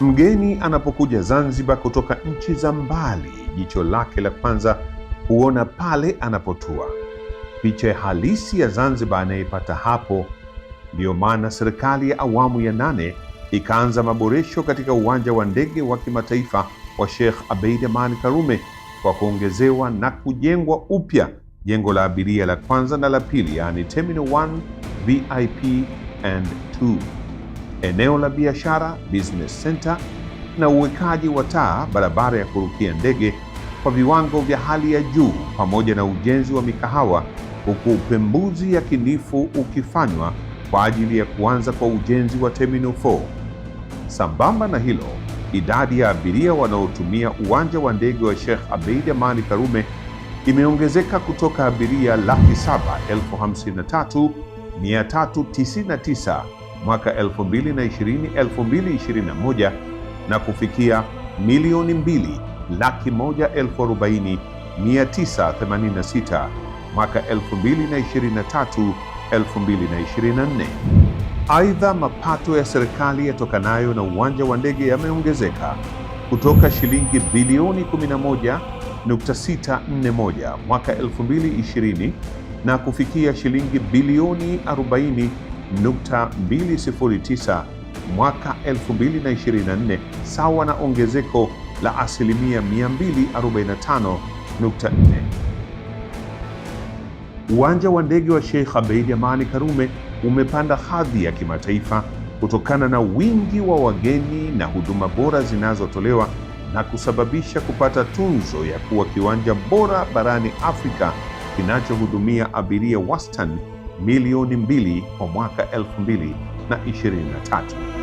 Mgeni anapokuja Zanzibar kutoka nchi za mbali, jicho lake la kwanza huona pale anapotua. Picha halisi ya Zanzibar anayepata hapo. Ndiyo maana serikali ya awamu ya nane ikaanza maboresho katika uwanja wa ndege wa kimataifa wa Sheikh Abeid Amani Karume kwa kuongezewa na kujengwa upya jengo la abiria la kwanza na la pili, yaani Terminal 1 VIP and 2 eneo la biashara business center, na uwekaji wa taa barabara ya kurukia ndege kwa viwango vya hali ya juu, pamoja na ujenzi wa mikahawa, huku upembuzi yakinifu ukifanywa kwa ajili ya kuanza kwa ujenzi wa Terminal 4. Sambamba na hilo, idadi ya abiria wanaotumia uwanja wa ndege wa Sheikh Abeid Amani Karume imeongezeka kutoka abiria laki saba elfu hamsini na tatu mia tatu tisini na tisa mwaka 2020 2021 na kufikia milioni mbili laki moja elfu arobaini mia tisa themanini na sita mwaka 2023 2024. Aidha, mapato ya serikali yatokanayo na uwanja wa ndege yameongezeka kutoka shilingi bilioni 11.641 mwaka 2020 na kufikia shilingi bilioni 40 209 mwaka 2024 sawa na ongezeko la asilimia 245.4. Uwanja wa ndege wa Sheikh Abeid Amani Karume umepanda hadhi ya kimataifa kutokana na wingi wa wageni na huduma bora zinazotolewa na kusababisha kupata tunzo ya kuwa kiwanja bora barani Afrika kinachohudumia abiria wastani milioni mbili kwa mwaka elfu mbili na ishirini na tatu.